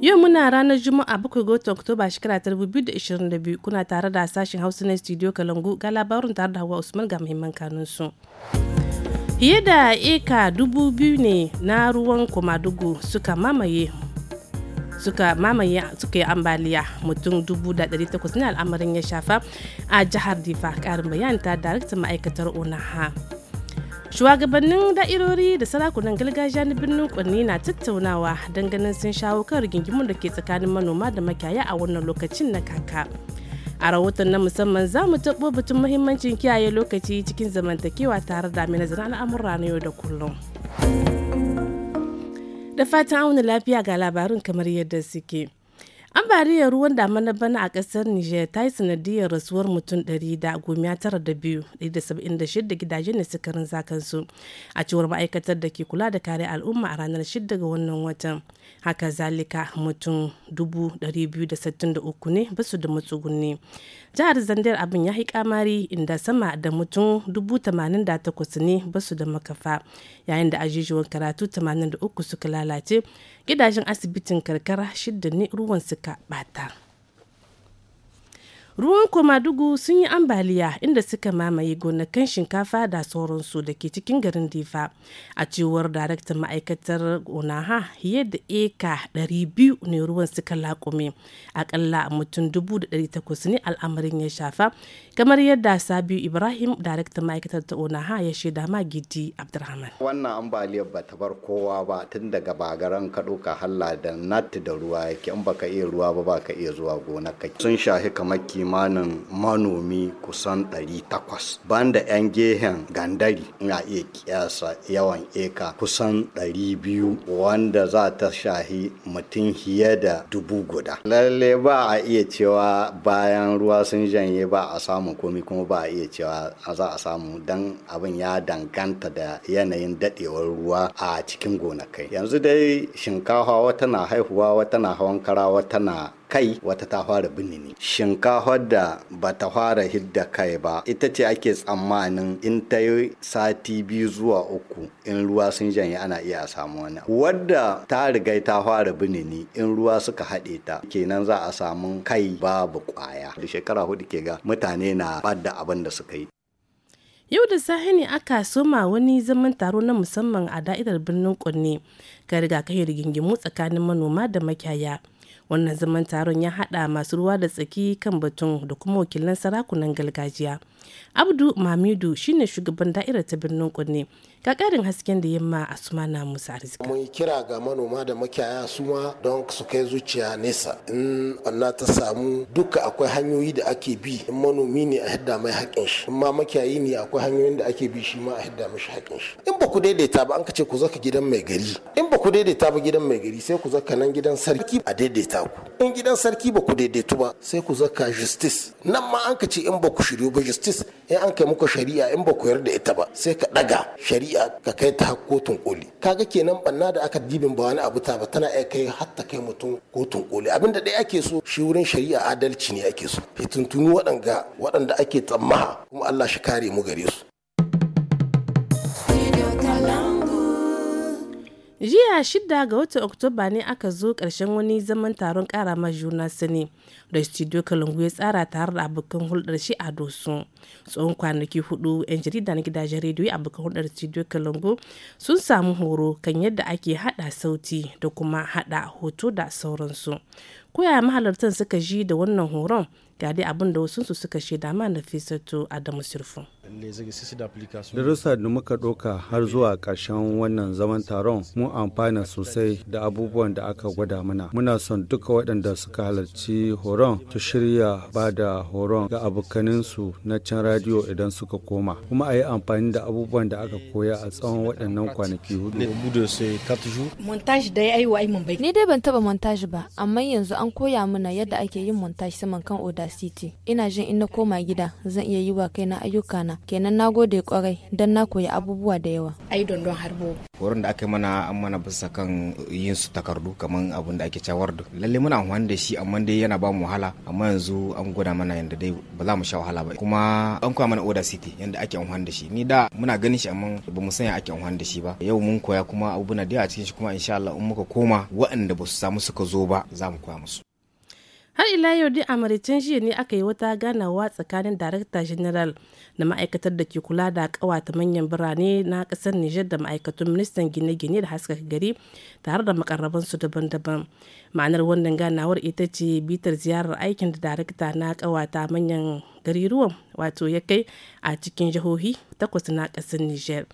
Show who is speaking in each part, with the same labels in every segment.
Speaker 1: Yau muna ranar Juma'a bakwai ga watan Oktoba shekara ta 2022 kuna tare da sashen Hausa na Studio Kalangu ga labarin tare da Hawa Usman ga muhimman kanunsu. Fiye da eka dubu biyu ne na ruwan Komadugu suka mamaye suka mamaye suka yi ambaliya mutum 1800 ne al'amarin ya shafa a jihar difa karin bayan ta daraktan ma'aikatar onaha shugabannin da'irori da sarakunan gargajiya na birnin kwanni na tattaunawa don ganin sun shawo kan rigingimun da ke tsakanin manoma da makiyaya a wannan lokacin na kaka a rahoton na musamman za mu taɓo batun muhimmancin kiyaye lokaci cikin zamantakewa tare da mai nazarin al'amura na yau da kullum. Da fatan auna lafiya ga labarin kamar yadda suke. ambaliyar ruwan damana bana a kasar niger ta yi sanadiyar rasuwar mutum 192,176 gidaje ne suka rinza kansu a cewar ma'aikatar da ke kula da kare al'umma a ranar 6 ga wannan watan haka zalika mutum 263 ne basu da matsuguni jihar zandar abin ya yi kamari inda sama da mutum 88 ne basu da makafa yayin da ajijuwan karatu 83 suka lalace gidajen asibitin karkara shidda ne ruwan suka bata ruwan koma komadugu sun yi ambaliya inda suka mamaye gonakan shinkafa da sauransu da ke cikin garin difa a cewar daraktan ma'aikatar gonaha fiye da eka 200 ne ruwan suka lakome akalla mutum 1,800 ne al'amarin ya shafa kamar yadda sabiu ibrahim daraktan ma'aikatar ta onaha ya shaida ma gidi abdurrahman
Speaker 2: wannan ambaliyar ba ta bar kowa ba tun daga bagaran ka doka halla da nat da ruwa yake in baka iya ruwa ba baka iya zuwa gonar sun shahi kamar kimanin manomi kusan 800 banda 'yan gehen gandari na iya kiyasa yawan eka kusan 200 wanda za ta shahi mutum fiye da dubu guda lalle ba a iya cewa bayan ruwa sun janye ba a samu komi kuma ba a iya cewa za a samu don abin ya danganta da yanayin dadewar ruwa a cikin gonakai yanzu dai shinkafa wata na haihuwa wata na hawan kara wata na kai wata ta fara binni shinkafar da ba ta fara hidda kai ba ita ce ake tsammanin in ta yi sati biyu zuwa uku in ruwa sun janye ana iya samu wani wadda ta riga ta fara binni in ruwa suka haɗe ta kenan za a samu kai babu kwaya da shekara hudu ke ga mutane na bada abin da suka yi
Speaker 1: Yau da sahi ne aka soma wani zaman taro na musamman a da'idar birnin Kunne ga rigakafin rigingimu tsakanin manoma da makiyaya. wannan zaman taron ya haɗa masu ruwa da tsaki kan batun da kuma wakilan sarakunan gargajiya abdu mamidu shine shugaban da'irar ta birnin kunne ga karin hasken da yamma a suma na musa arziki
Speaker 3: mun kira ga manoma da makiyaya su ma don su kai zuciya nesa in na ta samu duka akwai hanyoyi da ake bi in manomi ne a hidda mai haƙin shi in ma makiyayi ne akwai hanyoyin da ake bi shi ma a hidda mishi haƙin shi in ba ku daidaita ba an ka ce ku zaka gidan mai gari in ba ku daidaita ba gidan mai gari sai ku zaka nan gidan sarki a daidaita ku in gidan sarki ba ku daidaitu ba sai ku zaka justice nan ma an ka ce in ba ku shiryo ba justice in an kai muku shari'a in ba koyar da ita ba sai ka daga shari'a ka kai ta kotun koli kaga kenan banna da aka dibin ba wani abu ta ba tana iya kai har ta kai mutum kotun koli abin da dai ake so shi wurin shari'a adalci ne ake so fitintunu waɗanga waɗanda ake tsammaha kuma Allah shi kare mu gare su
Speaker 1: jiya shida ga watan oktoba ne aka zo karshen wani zaman taron kara ma juna sani da studio kalungu ya tsara tare da abokan hulɗar shi a dosu tsohon kwanaki hudu yan jarida na gidajen rediyo abokan hulɗar studio kalungu sun samu horo kan yadda ake hada sauti da kuma hada hoto da sauransu koya mahalartan suka ji da wannan horon ga dai abin da wasu suka shaida ma na fesato adamu sirfun
Speaker 3: Darussa
Speaker 4: da muka ɗauka har zuwa ƙarshen wannan zaman taron mu amfana sosai da abubuwan da aka gwada mana. Muna son duka waɗanda suka halarci horon su shirya ba da horon ga abokaninsu na can radio idan suka koma. Kuma a yi amfani da abubuwan da aka koya a tsawon waɗannan kwanaki hudu. Ni
Speaker 5: dai ban taɓa montaji ba, amma yanzu an koya mana yadda ake yin montaji saman kan Oda City. Ina jin in na koma gida zan iya yi wa kai na ayyukana kenan na gode kwarai don na koyi abubuwa da yawa ai dondon harbo
Speaker 3: wurin da aka yi mana an mana bisa kan yin su takardu kamar abin da ake cawar da lalle muna amfani da shi amma dai yana ba mu wahala amma yanzu an gwada mana yanda dai ba za mu sha wahala ba kuma an koya mana oda city yanda ake amfani da shi ni da muna ganin shi amma ba mu sanya ake amfani da shi ba yau mun koya kuma abubuwa da yawa cikin shi kuma insha Allah in muka koma waɗanda ba su samu suka zo ba za mu koya musu
Speaker 1: har ila yau dai a jiya ne aka yi wata ganawa tsakanin darakta general da ma'aikatar da ke kula da kawata manyan birane na kasar nijar da ma'aikatun ministan gine-gine da haskaka gari tare da makarrabansu daban-daban ma'anar wannan ganawar ita ce bitar ziyarar aikin da darakta na kawata manyan gariruwan wato ya kai a cikin jihohi takwas na kasar nijar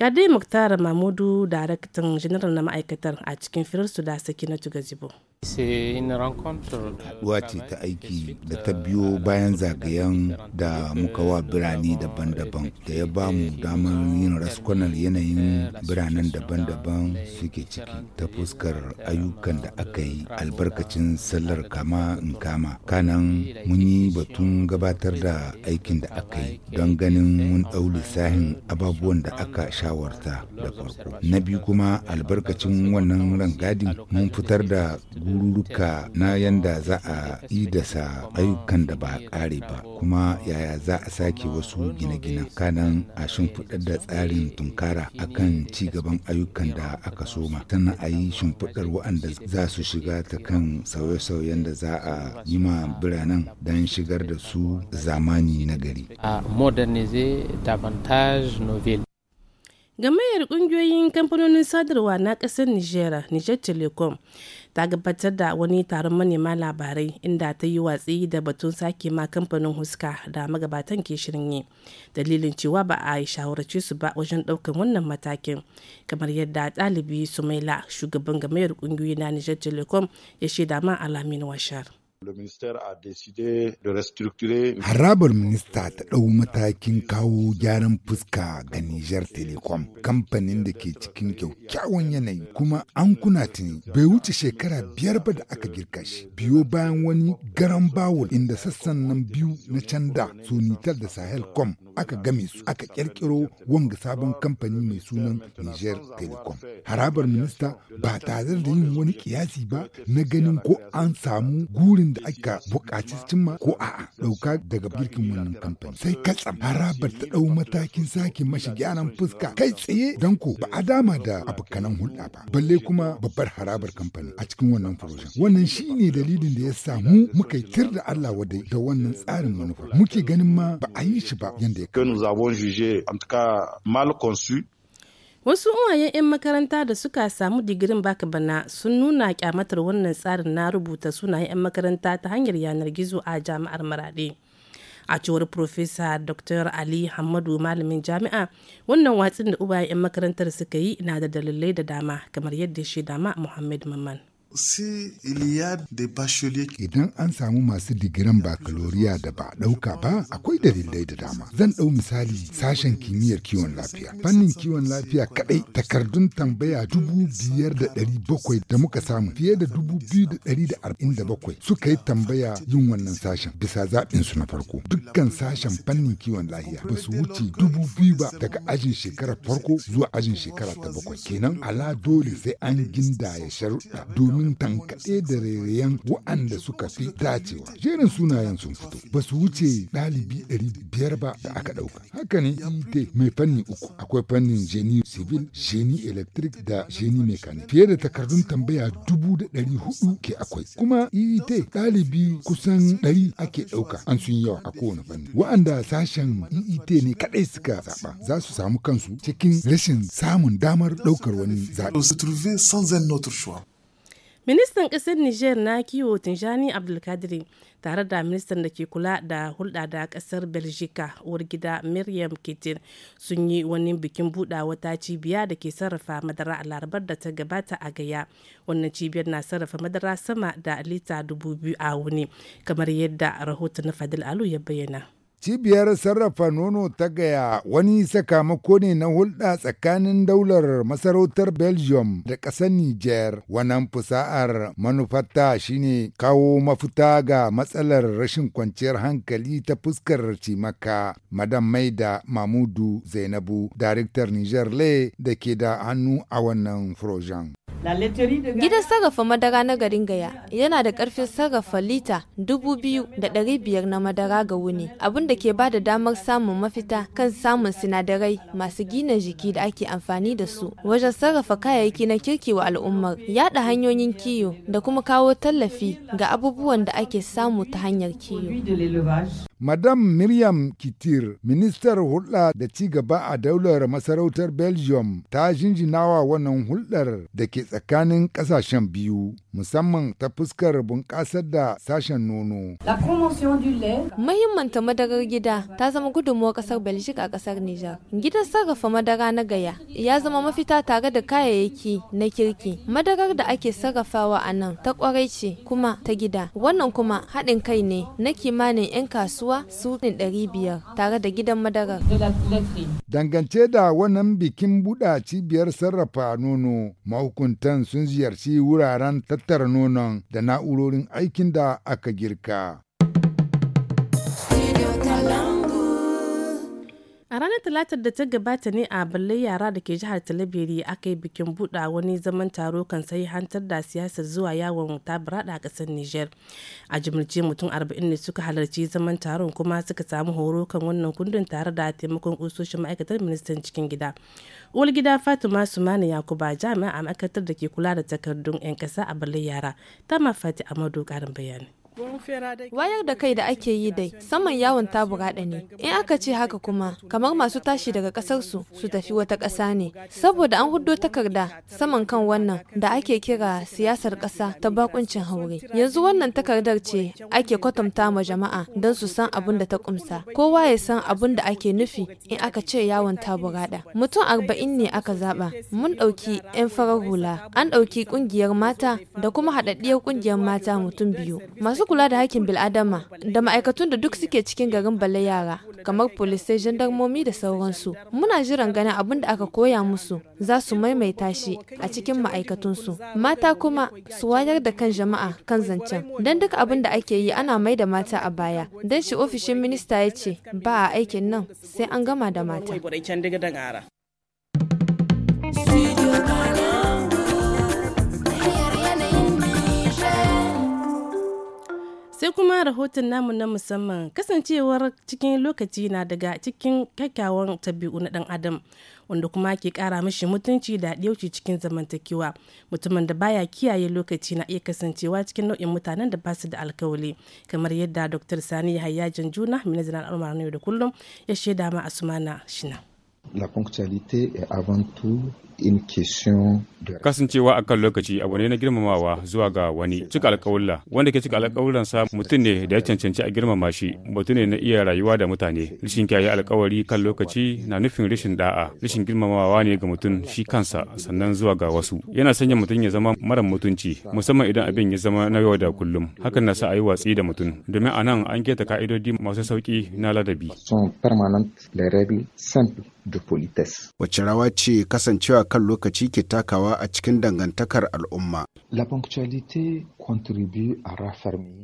Speaker 1: kadi muktar Mamudu daraktan jeneral na ma'aikatar a cikin su da saki na Gazibo.
Speaker 3: Haɗuwa
Speaker 6: ce ta aiki da ta biyo bayan zagayen da muka wa birane daban-daban da ya ba mu damar yin raskunar yanayin biranen daban-daban suke ciki ta fuskar ayyukan da aka yi albarkacin sallar kama in kama. Kanan mun yi batun gabatar da aikin da aka yi don ganin mun ɗau lissahin ababuwan da aka sha shawarta da farko na biyu kuma albarkacin wannan rangadin mun fitar da gururuka na yanda za a yi sa ayyukan da ba a kare ba kuma yaya za a sake wasu gine-ginen kanan a shimfiɗar da tsarin tunkara akan ci gaban ayyukan da aka soma tana a yi shimfiɗar waɗanda za su shiga ta kan sauye-sauyen da za a yi ma biranen don shigar da su zamani na gari. A davantage
Speaker 1: Gamayyar kungiyoyin kamfanonin sadarwa na ƙasar nijera Niger Telecom, ta gabatar da wani taron manema labarai inda ta yi watsi da batun sake ma kamfanin huska da magabatan ke shirin yi. Dalilin cewa ba a shawarci su ba wajen ɗaukar wannan matakin, kamar yadda ɗalibi maila shugaban gamayyar kungiyoyi na Niger Telecom, ya shaida ma alamin washar.
Speaker 6: Harabar minista ta ɗau matakin kawo gyaran fuska ga Nijar Telecom, kamfanin da ke cikin kyakkyawan yanayi kuma an kuna tuni bai wuce shekara biyar ba da aka girka shi. Biyo bayan wani garan bawul inda sassan nan biyu na can da Sunitel da Sahelcom aka game su aka kirkiro wanga sabon kamfani mai sunan nijar Telecom. Harabar minista ba tare da yin wani kiyasi ba na ganin ko an samu gurin da aka buƙaci cimma ko a'a ɗauka daga birkin wannan kamfani. Sai ka katsam harabar ta ɗau matakin sake mashi gyaran fuska kai tsaye don ko ba a dama da abokanan hulɗa ba. Balle kuma babbar harabar kamfani a cikin wannan furoshin. Wannan shi ne dalilin da ya samu muka yi tir da Allah wadai da wannan tsarin manufa. Muke ganin ma ba a yi shi ba yadda ya
Speaker 3: conçu
Speaker 1: wasu uwayen 'yan makaranta da suka samu digirin baka bana sun nuna kyamatar wannan tsarin na rubuta sunayen 'yan makaranta ta hanyar yanar gizo a jami'ar marade a cewar profesa dr ali hamadu malamin jami'a wannan watsin da uwayen 'yan makarantar suka yi na da dalilai da dama kamar yadda shi dama muhammad mamman
Speaker 6: si des bacheliers idan an samu masu digiran bakaloriya da ba ɗauka ba akwai dalilai da dama zan ɗau misali sashen kimiyyar kiwon lafiya fannin kiwon lafiya kadai takardun tambaya dubu biyar da dari bakwai da muka samu fiye da dubu biyu da dari da arba'in da bakwai suka yi tambaya yin wannan sashen bisa zaɓin su na farko dukkan sashen fannin kiwon lafiya ba su wuce dubu biyu ba daga ajin shekarar farko zuwa ajin shekara ta bakwai kenan ala dole sai an gindaya sharuɗa domin domin da rairayen wa'anda suka fi dacewa. Jerin sunayen sun fito, ba su wuce ɗalibi ɗari biyar ba da aka ɗauka. Haka ne ite mai fanni uku, akwai fannin jeni civil, jeni electric da jeni mechanic. Fiye da takardun tambaya dubu da ɗari hudu ke akwai. Kuma ite ɗalibi kusan ɗari ake ɗauka an sun yawa a kowane fanni. Wa'anda sashen ite ne kaɗai suka zaɓa za su samu kansu cikin rashin samun damar ɗaukar wani zaɓe.
Speaker 1: ministan ƙasar niger na kiwo Tunjani abdulkadiri tare da ministan da ke kula da hulɗa da ƙasar belgica uwar gida miriam kitin sun yi wani bikin buɗa wata cibiya da ke sarrafa madara a larabar da ta gabata a gaya wannan cibiyar na sarrafa madara sama da lita dubu biyu a wuni kamar yadda rahoton na fadil alu ya bayyana
Speaker 6: Cibiyar sarrafa nono ta gaya wani sakamako ne na hulɗa tsakanin daular masarautar Belgium da ƙasar Niger. Wannan fusa'ar manufata shine kawo mafita ga matsalar rashin kwanciyar hankali ta fuskar cimaka. Madam Maida Mamudu Zainabu, Daraktar Niger Le da ke da hannu a wannan furojan.
Speaker 5: Gidan sarrafa madara na garin Gaya yana da ƙarfin sarrafa lita 2,500 na madara ga wuni. Abin wanda ke ba da damar samun mafita kan samun sinadarai masu gina jiki da ake amfani da su wajen sarrafa kayayyaki na kirki wa al'ummar yada hanyoyin kiyo da kuma kawo tallafi ga abubuwan da ake samu ta hanyar kiyo.
Speaker 6: Madam Miriam Kitir, ministar hulɗa da ci gaba a daular masarautar Belgium ta jinjinawa wannan hulɗar da ke tsakanin ƙasashen biyu. musamman ta fuskar bunƙasar da sashen nono.
Speaker 5: Mahimmanta madarar gida ta zama gudunmuwar ƙasar Belgium a ƙasar Nijar. Gidan sarrafa madara na gaya ya zama mafita tare da kayayyaki na kirki. Madarar da ake sarrafawa a nan ta ƙwarai ce kuma ta gida. Wannan kuma haɗin kai ne na kimanin 'yan kasuwa su ɗari biyar tare da gidan madarar.
Speaker 6: Dangance da wannan bikin buɗa cibiyar sarrafa nono, mahukuntan sun ziyarci wuraren tattara nonon da na'urorin aikin da aka girka.
Speaker 1: A ranar Talatar da ta gabata ne a balle yara da ke jihar Talabiri aka yi bikin buɗa wani zaman taro kan sai hantar da siyasar zuwa yawon burada a ƙasar Nijar. A jimirce mutum arba'in ne suka halarci zaman taron kuma suka samu horo kan wannan kundin tare da taimakon ƙusoshin ma'aikatar ministan cikin gida. Uwar gida Fatima Sumani Yakuba jami'a a ma'aikatar da ke kula da takardun 'yan ƙasa a balle yara. ma Fati Amadu ƙarin bayani.
Speaker 5: Wayar da kai da ake yi dai, saman yawon taburaɗa ne. In aka ce haka kuma, kamar masu tashi daga ƙasar su tafi wata ƙasa ne. Saboda an hudo takarda saman kan wannan da ake kira siyasar ƙasa ta bakuncin haure. Yanzu wannan takardar ce ake kwatanta ma jama'a don su san abin da ta kumsa. Kowa ya san abin da ake nufi in aka ce yawon taburaɗa. Mutum arba'in ne aka zaba. Mun ɗauki 'yan farar hula, an ɗauki ƙungiyar mata da kuma haɗaɗɗiyar ƙungiyar mata mutum biyu. Masu kula da haƙƙin bil'adama da ma'aikatun da duk suke cikin garin balle yara kamar polisai jandarmomi da sauransu muna jiran ganin abin da aka koya musu za su maimaita shi a cikin ma'aikatunsu mata kuma su wayar da kan jama'a kan zancen don duk abin da ake yi ana mai da mata a baya don shi ofishin minista ya ce ba a aikin nan sai an gama da mata
Speaker 1: sai kuma rahoton namu na musamman kasancewar cikin lokaci na daga cikin kyakkyawan tabi'u na dan adam wanda kuma ke kara mishi mutunci da yauci cikin zamantakewa mutumin da baya kiyaye lokaci na iya kasancewa cikin nau'in mutanen da basu da alkawali kamar yadda dr sani yahaya juna minazin al'amar yau da kullum ya shaida ma asumana shina
Speaker 3: La ponctualité est avant tout
Speaker 4: Kasancewa a kan lokaci abu ne na girmamawa zuwa ga wani cika alkawulla wanda ke cika alkawullansa mutum ne da ya cancanci a girmama shi mutum ne na iya rayuwa da mutane Rishin kyayi alkawari kan lokaci na nufin rashin da'a rashin girmamawa ne ga mutum shi kansa sannan zuwa ga wasu yana sanya mutum ya zama mara mutunci musamman idan abin ya zama na yau da kullum hakan na sa a yi watsi da mutum domin a nan an keta ka'idodi masu sauki na ladabi.
Speaker 3: Wacce rawa ce kasancewa kan lokaci ke takawa a cikin
Speaker 6: dangantakar al'umma.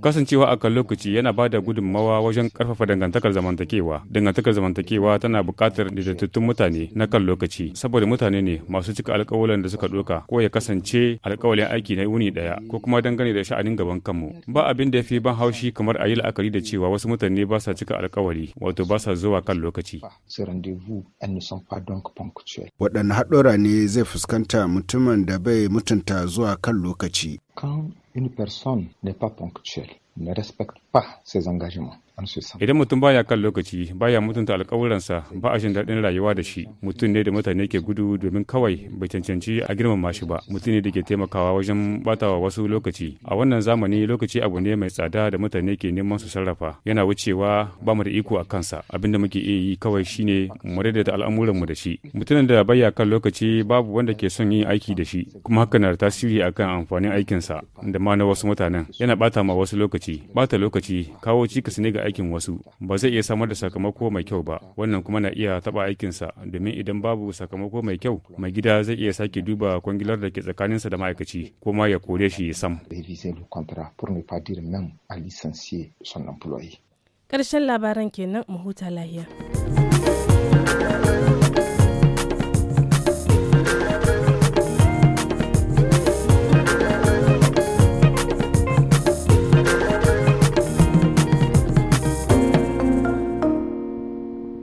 Speaker 4: Kasancewa a kan lokaci yana ba da gudunmawa wajen karfafa dangantakar zamantakewa. Dangantakar zamantakewa tana buƙatar daidaitattun mutane na kan lokaci, saboda mutane ne masu cika alkawalan da suka ɗauka ko ya kasance alkawalin aiki na wuni daya ko kuma dangane da sha'anin gaban kanmu. Ba abin da ya fi ban haushi kamar a yi la'akari da cewa wasu mutane ba sa cika alkawali wato ba sa zuwa kan lokaci.
Speaker 6: Waɗanne haɗura ne ne zai fuskanta mutumin da bai mutunta zuwa kan lokaci. Quand une personne n'est pas ponctuelle, ne respecte ba sai sa.
Speaker 4: idan mutum baya kan lokaci baya mutunta alkawuransa ba a shin daɗin rayuwa da shi mutum ne da mutane ke gudu domin kawai bai cancanci a girmama shi ba mutum ne da ke taimakawa wajen batawa wasu lokaci a wannan zamani lokaci abu ne mai tsada da mutane ke neman su sarrafa yana wucewa ba mu da iko a kansa abin da muke iya yi kawai shine mu daidaita al'amuranmu da shi mutumin da baya kan lokaci babu wanda ke son yin aiki da shi kuma hakan na tasiri akan amfanin aikinsa da ma na wasu mutanen yana bata ma wasu lokaci bata lokaci ce kawo cikas ne ga aikin wasu ba zai iya samar da sakamako mai kyau ba wannan kuma na iya taɓa aikinsa domin idan babu sakamako mai kyau mai gida zai iya sake duba kwangilar da ke tsakaninsa da ma'aikaci ko ma ya kore shi sam.
Speaker 1: Ƙarshen labaran kenan mu huta lahiya.